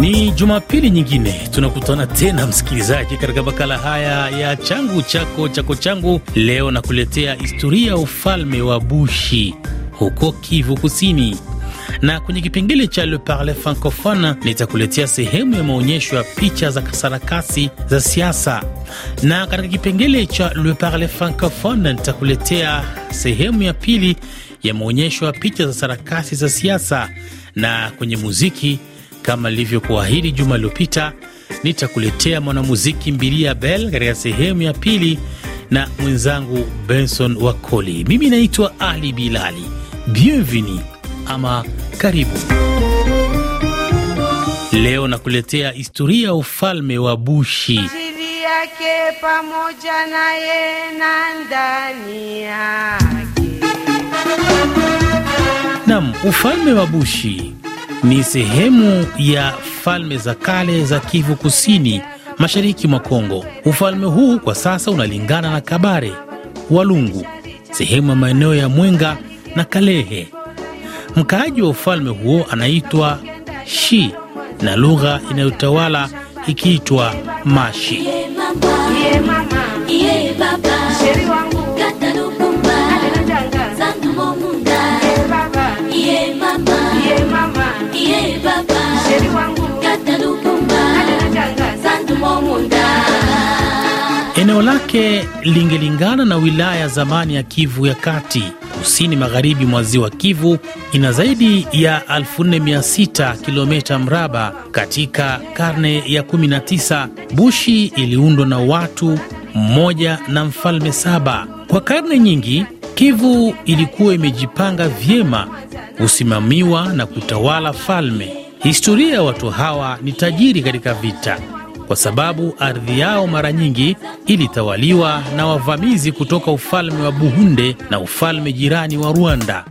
Ni Jumapili nyingine tunakutana tena, msikilizaji, katika makala haya ya changu chako chako changu. Leo nakuletea historia ya ufalme wa Bushi huko Kivu Kusini, na kwenye kipengele cha Le Parle Francophone nitakuletea sehemu ya maonyesho ya picha za sarakasi za siasa, na katika kipengele cha Le Parle Francophone nitakuletea sehemu ya pili ya maonyesho ya picha za sarakasi za siasa, na kwenye muziki kama ilivyokuahidi juma lililopita, nitakuletea mwanamuziki Mbilia Bel katika sehemu ya pili na mwenzangu Benson Wakoli. Mimi naitwa Ali Bilali. Bienveni ama karibu. Leo nakuletea historia ya ufalme wa Bushi yake pamoja naye na ndani yake. Nam, ufalme wa Bushi ni sehemu ya falme za kale za Kivu Kusini, mashariki mwa Kongo. Ufalme huu kwa sasa unalingana na Kabare, Walungu, sehemu ya maeneo ya Mwenga na Kalehe. Mkaaji wa ufalme huo anaitwa Shi na lugha inayotawala ikiitwa Mashi. Ye mama, ye mama, ye baba. Eneo lake lingelingana na wilaya ya zamani ya Kivu ya Kati, kusini magharibi mwa ziwa Kivu. Ina zaidi ya 46 kilomita mraba. Katika karne ya 19 Bushi iliundwa na watu mmoja na mfalme saba. Kwa karne nyingi, Kivu ilikuwa imejipanga vyema kusimamiwa na kutawala falme. Historia ya watu hawa ni tajiri katika vita kwa sababu ardhi yao mara nyingi ilitawaliwa na wavamizi kutoka ufalme wa Buhunde na ufalme jirani wa Rwanda.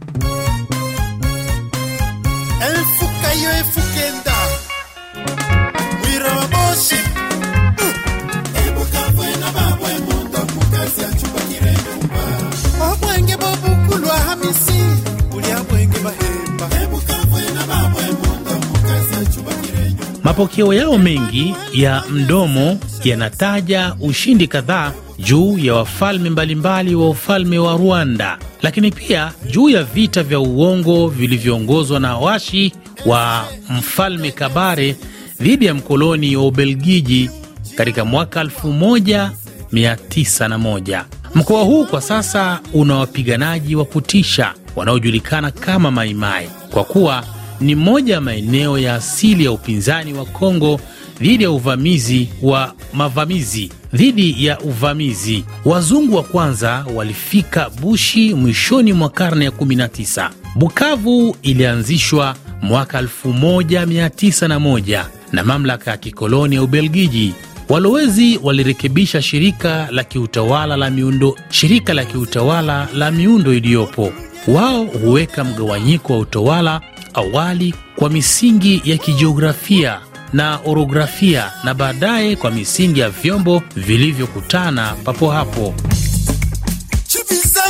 Mapokeo yao mengi ya mdomo yanataja ushindi kadhaa juu ya wafalme mbalimbali wa ufalme wa Rwanda, lakini pia juu ya vita vya uongo vilivyoongozwa na washi wa mfalme Kabare dhidi ya mkoloni wa Ubelgiji katika mwaka 1901. Mkoa huu kwa sasa una wapiganaji wa kutisha wanaojulikana kama Maimai kwa kuwa ni moja ya maeneo ya asili ya upinzani wa Kongo dhidi ya uvamizi wa mavamizi dhidi ya uvamizi. Wazungu wa kwanza walifika Bushi mwishoni mwa karne ya 19. Bukavu ilianzishwa mwaka 1901 na mamlaka ya kikoloni ya Ubelgiji. Walowezi walirekebisha shirika la kiutawala la miundo shirika la kiutawala la miundo iliyopo. Wao huweka mgawanyiko wa utawala awali kwa misingi ya kijiografia na orografia na baadaye kwa misingi ya vyombo vilivyokutana papo hapo.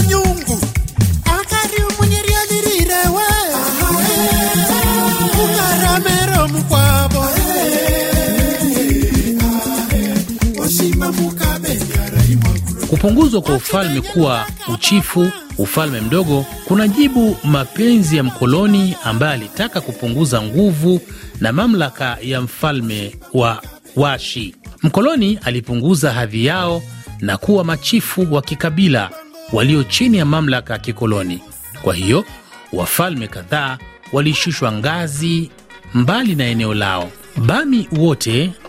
nyungu Kupunguzwa kwa ufalme kuwa uchifu, ufalme mdogo, kuna jibu mapenzi ya mkoloni ambaye alitaka kupunguza nguvu na mamlaka ya mfalme wa Washi. Mkoloni alipunguza hadhi yao na kuwa machifu wa kikabila walio chini ya mamlaka ya kikoloni. Kwa hiyo wafalme kadhaa walishushwa ngazi mbali na eneo lao. Bami wote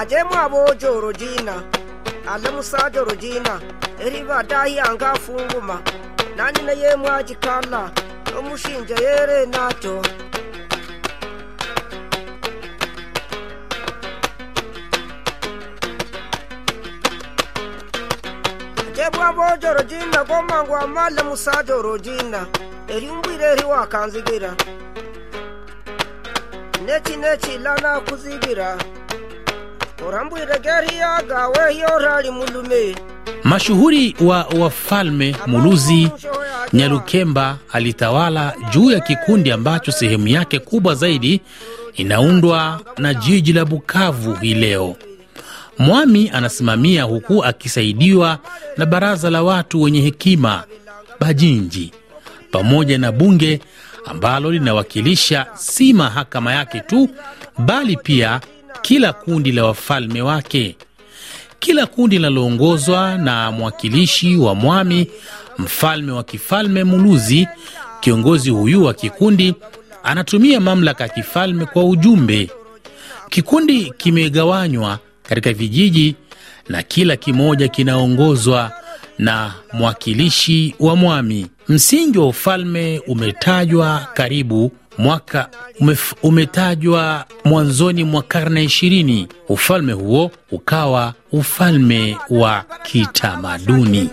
ajemu abojo orojina alamusaja orojina eriba dahiyanga afunguma nanyina yemu ajikala omushinja yere nato gomangu abojo orojina gomangu amala musaja orojina erimbwire eriwakanzigira neki neki lana Mashuhuri wa wafalme Muluzi Nyalukemba alitawala juu ya kikundi ambacho sehemu yake kubwa zaidi inaundwa na jiji la Bukavu hii leo. Mwami anasimamia huku akisaidiwa na baraza la watu wenye hekima Bajinji pamoja na bunge ambalo linawakilisha si mahakama yake tu bali pia kila kundi la wafalme wake. Kila kundi linaloongozwa na mwakilishi wa mwami, mfalme wa kifalme Muluzi. Kiongozi huyu wa kikundi anatumia mamlaka ya kifalme kwa ujumbe. Kikundi kimegawanywa katika vijiji na kila kimoja kinaongozwa na mwakilishi wa mwami. Msingi wa ufalme umetajwa karibu mwaka umetajwa mwanzoni mwa karne ishirini. Ufalme huo ukawa ufalme wa kitamaduni.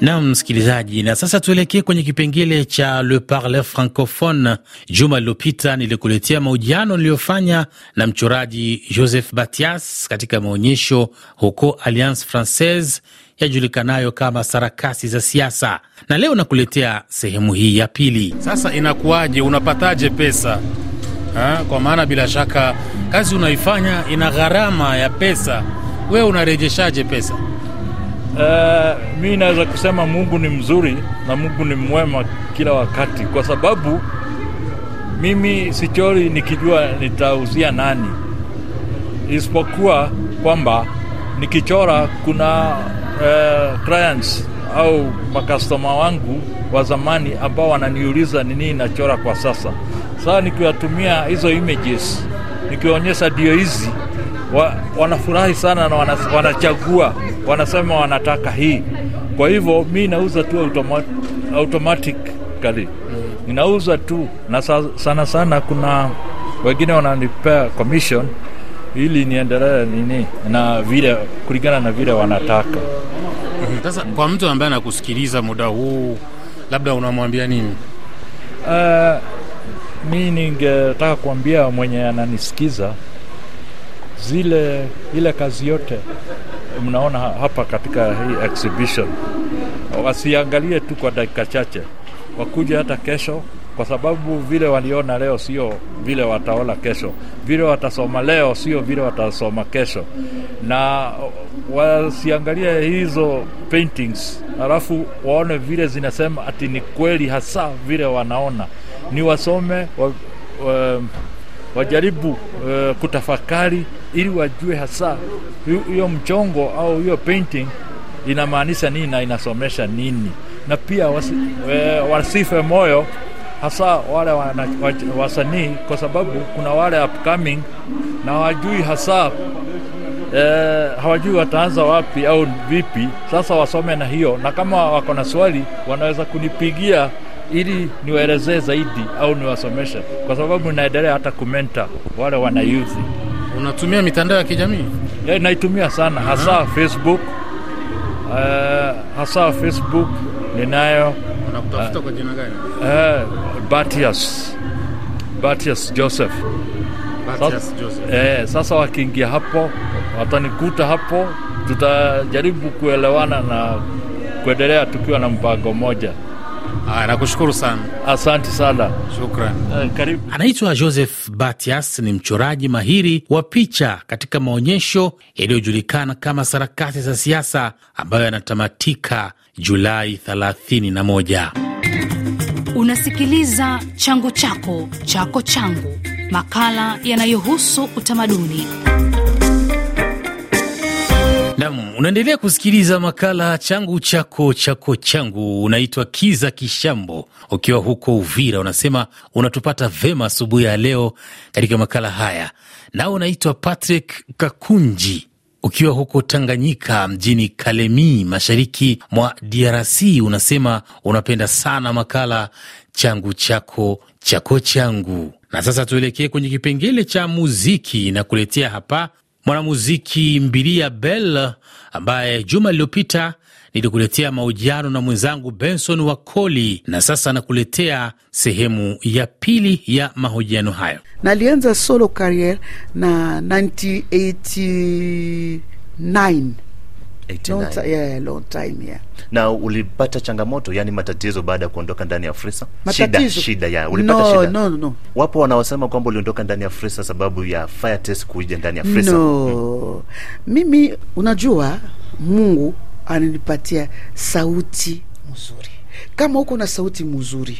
Nam msikilizaji, na sasa tuelekee kwenye kipengele cha Le Parle Francophone. Juma lililopita nilikuletea mahojiano niliyofanya na mchoraji Joseph Batias katika maonyesho huko Alliance Francaise yajulikanayo kama sarakasi za siasa, na leo nakuletea sehemu hii ya pili. Sasa inakuwaje? Unapataje pesa ha? Kwa maana bila shaka kazi unaifanya ina gharama ya pesa, wewe unarejeshaje pesa? Uh, mi naweza kusema Mungu ni mzuri na Mungu ni mwema kila wakati, kwa sababu mimi sichori nikijua nitauzia nani, isipokuwa kwamba nikichora kuna Eh, clients au makastoma wangu wa zamani ambao wananiuliza ni nini nachora kwa sasa. Sasa nikiwatumia hizo images, nikiwaonyesha dio hizi wa, wanafurahi sana na wana, wanachagua, wanasema wanataka hii. Kwa hivyo mi nauza tu automat, automatically ninauza tu na sa, sana sana kuna wengine wananipea commission ili niendelee nini na vile kulingana na vile wanataka. Sasa kwa mtu ambaye anakusikiliza muda huu, labda unamwambia nini? Uh, mi ningetaka kuambia mwenye ananisikiza zile ile kazi yote mnaona hapa katika hii exhibition, wasiangalie tu kwa dakika chache, wakuja hata kesho kwa sababu vile waliona leo sio vile wataona kesho, vile watasoma leo sio vile watasoma kesho, na wasiangalie hizo paintings alafu waone vile zinasema ati ni kweli hasa vile wanaona, ni wasome wa, wa, wajaribu uh, kutafakari ili wajue hasa hiyo mchongo au hiyo painting inamaanisha nini na inasomesha nini, na pia wasi, uh, wasife moyo hasa wale wasanii, kwa sababu kuna wale upcoming na hawajui hasa eh, hawajui wataanza wapi au vipi. Sasa wasome na hiyo, na kama wako na swali wanaweza kunipigia ili niwaelezee zaidi au niwasomeshe, kwa sababu naendelea hata kumenta wale wana Unatumia mitandao ya kijamii? Yeah, naitumia sana hasa uh-huh. Facebook uh, hasa Facebook ninayo. uh, kwa jina gani? Uh, Batias, Batias Joseph, Batias Joseph. Eh, sasa wakiingia hapo watanikuta hapo, tutajaribu kuelewana na kuendelea tukiwa na mpango mmoja. Aya, nakushukuru sana. Asante sana. Shukrani. Uh, eh, karibu. Anaitwa Joseph Batias, ni mchoraji mahiri wa picha katika maonyesho yaliyojulikana kama sarakasi za siasa ambayo yanatamatika Julai 31. Unasikiliza Changu Chako Chako Changu, makala yanayohusu utamaduni. Nam, unaendelea kusikiliza makala changu chako chako changu. Unaitwa Kiza Kishambo, ukiwa huko Uvira, unasema unatupata vema asubuhi ya leo katika makala haya. Nao unaitwa Patrick Kakunji ukiwa huko Tanganyika mjini Kalemi mashariki mwa DRC, unasema unapenda sana makala changu chako chako changu. Na sasa tuelekee kwenye kipengele cha muziki na kuletea hapa mwanamuziki Mbilia Bel ambaye juma lililopita nilikuletea mahojiano na mwenzangu Benson Wakoli, na sasa nakuletea sehemu ya pili ya mahojiano hayo. Nalianza solo career na 1989 yeah, long time, yeah. Na ulipata changamoto yani matatizo baada ya kuondoka ndani ya Fresa? Shida, shida ya ulipata no, shida. No, no. Wapo wanaosema kwamba uliondoka ndani ya Fresa sababu ya fire test kuija ndani ya Fresa. No. Mm. Mimi unajua Mungu ananipatia sauti mzuri. Kama uko na sauti mzuri,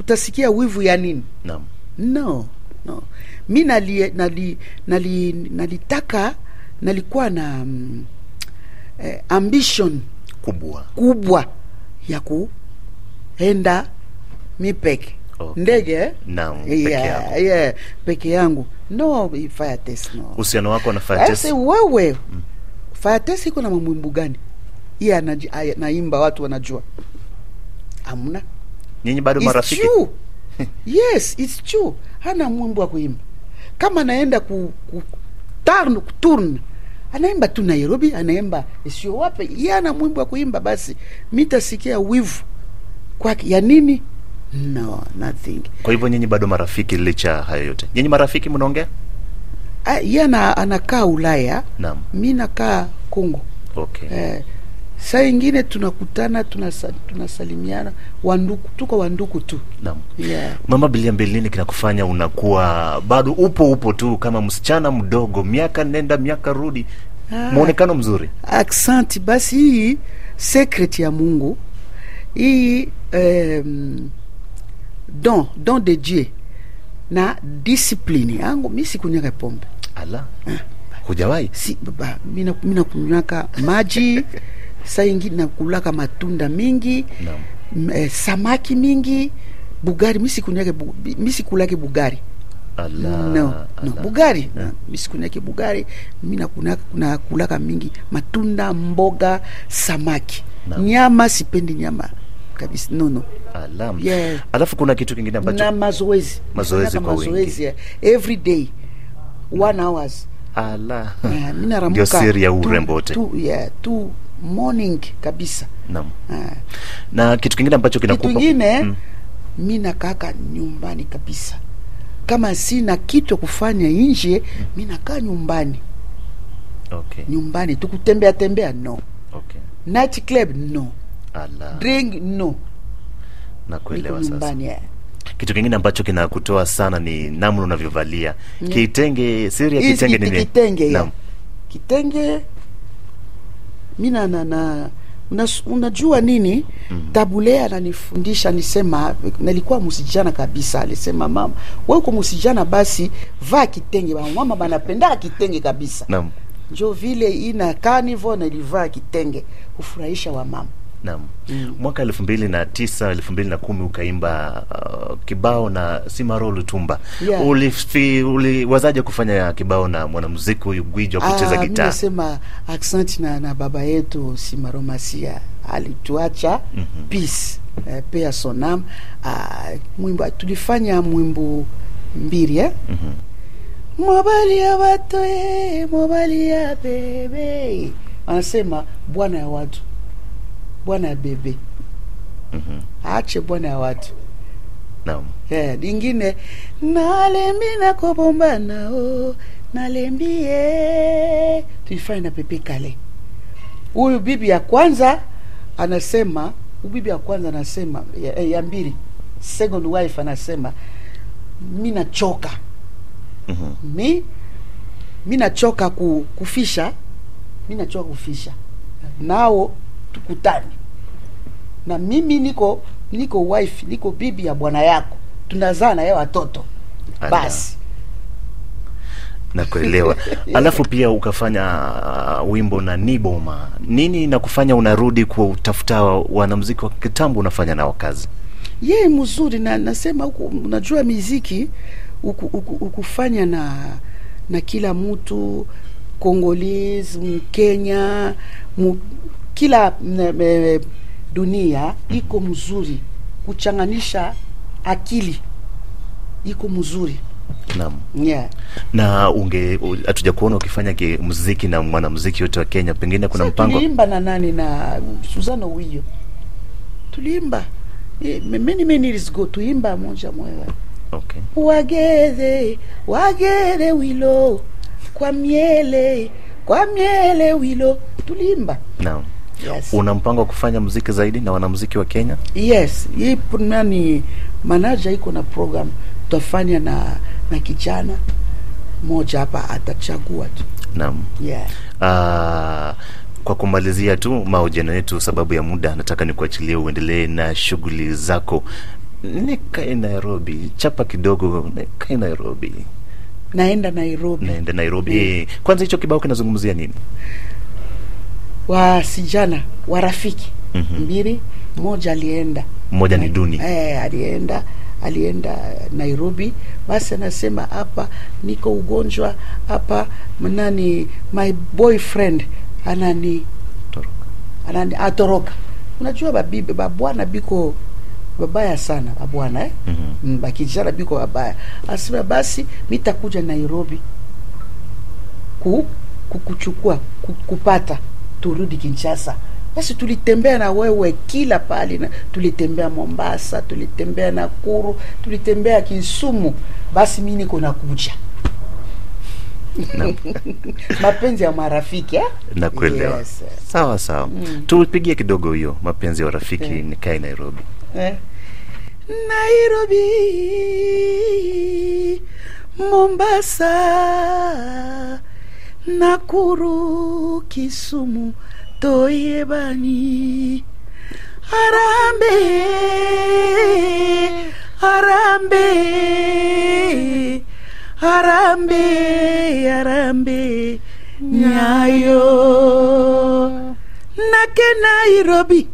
utasikia wivu ya nini? No, No, no, mi nali, nali, nali, nalitaka nalikuwa na mm, eh, ambition kubwa kubwa ya kuenda mi peke okay. ndege eh? Naam, yeah, peke Yeah, peke yangu no fire test no. Uhusiano wako na fire eh, test wewe mm. fire test iko na mamwimbu gani? yeye anaimba, watu wanajua. amna nyinyi bado marafiki? True. yes, it's true. Hana mwimbo wa kuimba kama anaenda ku, ku turn, turn anaimba tu Nairobi, anaimba sio wape. Yeye ana mwimbo wa kuimba, basi mitasikia wivu kwake ya nini? No, nothing. Kwa hivyo nyinyi bado marafiki licha hayo yote? Nyinyi marafiki mnaongea? Ah, yeye anakaa Ulaya, naam, mi nakaa Kongo. Okay. Eh, Saa ingine tunakutana tunasalimiana wanduku, tuko wanduku tu naam. Yeah. Mama Bilia Mbelini, kinakufanya unakuwa bado upo upo tu kama msichana mdogo, miaka nenda miaka rudi, ah. mwonekano mzuri. Aksanti basi, hii secret ya Mungu hii um, don don de Dieu na discipline yangu mi sikunyaka pombe ala, ah. hujawai si, mi nakunywaka maji saa ingine nakulaka matunda mingi no. eh, samaki mingi bugari misikunake bu, misikulake bugari Ala, no, ala. No, bugari no. misikunake bugari mi nakulaka mingi matunda mboga samaki no. nyama sipendi nyama kabisa no, no. Alam. Yeah. Alafu kuna kitu kingine ambacho na mazoezi mazoezi kwa mazoezi yeah. every day one hours ala yeah, mimi ramuka. ndio siri ya urembo wote tu, tu, yeah, tu morning kabisa. Naam. Eh. Na kitu kingine ambacho kinakupa kitu kingine mm. Mimi nakaka nyumbani kabisa, kama sina kitu kufanya nje mm. Mimi nakaa nyumbani okay. Nyumbani tukutembea tembea no okay. Night club no Ala. Drink no. Nakuelewa sasa. nyumbani eh. Kitu kingine ambacho kinakutoa sana ni namna unavyovalia. Mm. Kitenge, siri ya kitenge nini? Kitenge. Naam. Kitenge mi na, na unajua nini mm Tabule ananifundisha nisema, nalikuwa musijana kabisa, alisema mama wewe uko musijana, basi vaa kitenge, mama banapenda kitenge kabisa. njo vile ina carnival nalivaa kitenge kufurahisha wamama. Vietnam mm. mwaka elfu mbili na tisa elfu mbili na kumi ukaimba uh, kibao na Simaro Lutumba yeah. Ulifi, uliwazaje kufanya kibao na mwanamuziki huyu gwiji wa ah, kucheza gitaa? Nasema aksanti na, na baba yetu Simaro Masia alituacha mm -hmm. peace uh, eh, pea sonam uh, mwimbo tulifanya mwimbo mbili eh? mm -hmm. Mobali ya watoe mobali ya bebe, anasema bwana ya watu bwana bebe mm -hmm. aache bwana ya watu naam yeah, lingine nalembi nakobombana nao nalembie tuifanye na pepe kale huyu bibi ya kwanza anasema huyu bibi ya kwanza anasema ya, eh, ya mbili second wife anasema mi nachoka mm -hmm. mi mi nachoka ku, kufisha mi nachoka kufisha nao tukutane na mimi, niko niko wife, niko bibi ya bwana yako, tunazaa naye watoto basi na kuelewa Alafu pia ukafanya uh, wimbo na Niboma. Nini nakufanya unarudi kutafuta wanamuziki wa kitambo unafanya nao kazi? Ye mzuri na nasema huku, unajua miziki ukufanya na na kila mtu Kongolese, Mkenya, kila mm, eh, eh, dunia iko mzuri, kuchanganisha akili iko mzuri. na, Yeah. Na unge hatuja kuona ukifanya ki muziki na mwanamuziki yote wa Kenya, pengine kuna mpango. Tuliimba na nani na Suzana Wiyo. Tuliimba. Eh, many many years ago tuimba moja mwewe. Okay. Wagere, wagere wilo, kwa miele, kwa miele wilo. Tuliimba. Naam. Yes. Una mpango wa kufanya muziki zaidi na wanamuziki wa Kenya? Yes, hii nani manager iko na program tutafanya na na kijana mmoja hapa atachagua tu. Naam. Yeah. Uh, kwa kumalizia tu mahojiano yetu, sababu ya muda, nataka nikuachilie uendelee na shughuli zako. Nikae Nairobi, chapa kidogo, nikae Nairobi. Naenda Nairobi, naenda Nairobi. Yeah. Kwanza hicho kibao kinazungumzia nini? wasijana wa rafiki mm -hmm. mbili mmoja alienda mmoja ni duni eh, alienda alienda Nairobi, basi anasema hapa niko ugonjwa hapa, nani my boyfriend anani toroka, anani atoroka. Unajua babibi babwana biko babaya sana babwana eh? Mhm. mm -hmm. bakijana biko babaya, asema basi mitakuja Nairobi ku kukuchukua kupata turudi Kinshasa. Basi tulitembea na wewe kila pali, na tulitembea Mombasa, tulitembea Nakuru, tulitembea Kisumu. Basi mimi niko nakuja mapenzi ya marafiki eh? kuelewa Yes. Eh. Sawa sawa, mm. Tupigie kidogo hiyo mapenzi ya rafiki ni eh. Nikae Nairobi eh. Nairobi, Mombasa, nakuru kisumu toyebani arambe arambe arambe arambe nyayo nake nairobi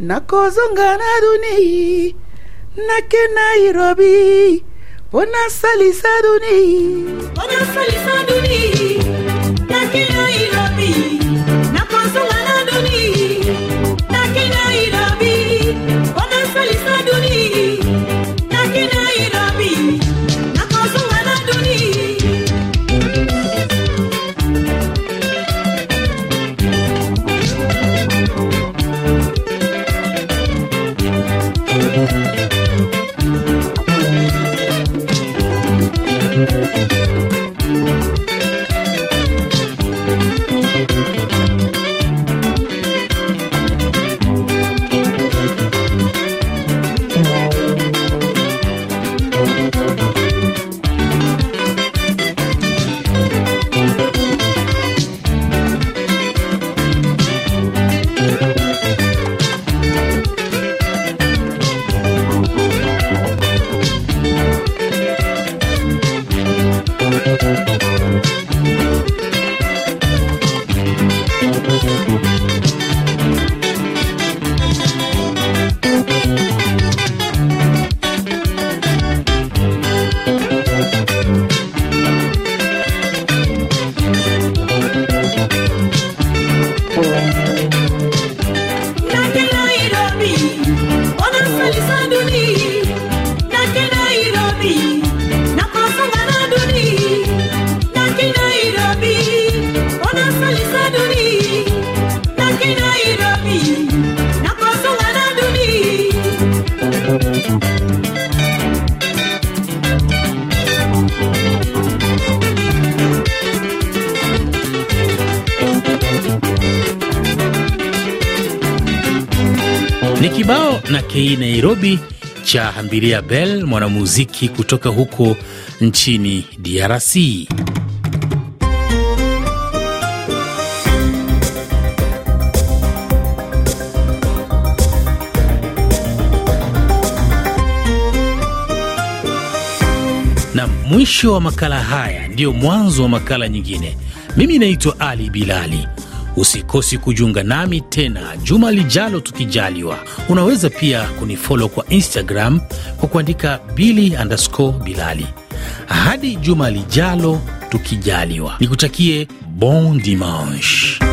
nakozonga na duni nake nairobi mpo nasalisa duni mpo nasalisa duni Nakinairobi, salisa dunia RFI Nairobi cha hambiria Bel, mwanamuziki kutoka huko nchini DRC. Na mwisho wa makala haya ndiyo mwanzo wa makala nyingine. Mimi naitwa Ali Bilali. Usikosi kujiunga nami tena juma lijalo, tukijaliwa. Unaweza pia kunifolo kwa Instagram kwa kuandika bili underscore bilali. Hadi juma lijalo, tukijaliwa, nikutakie bon dimanche.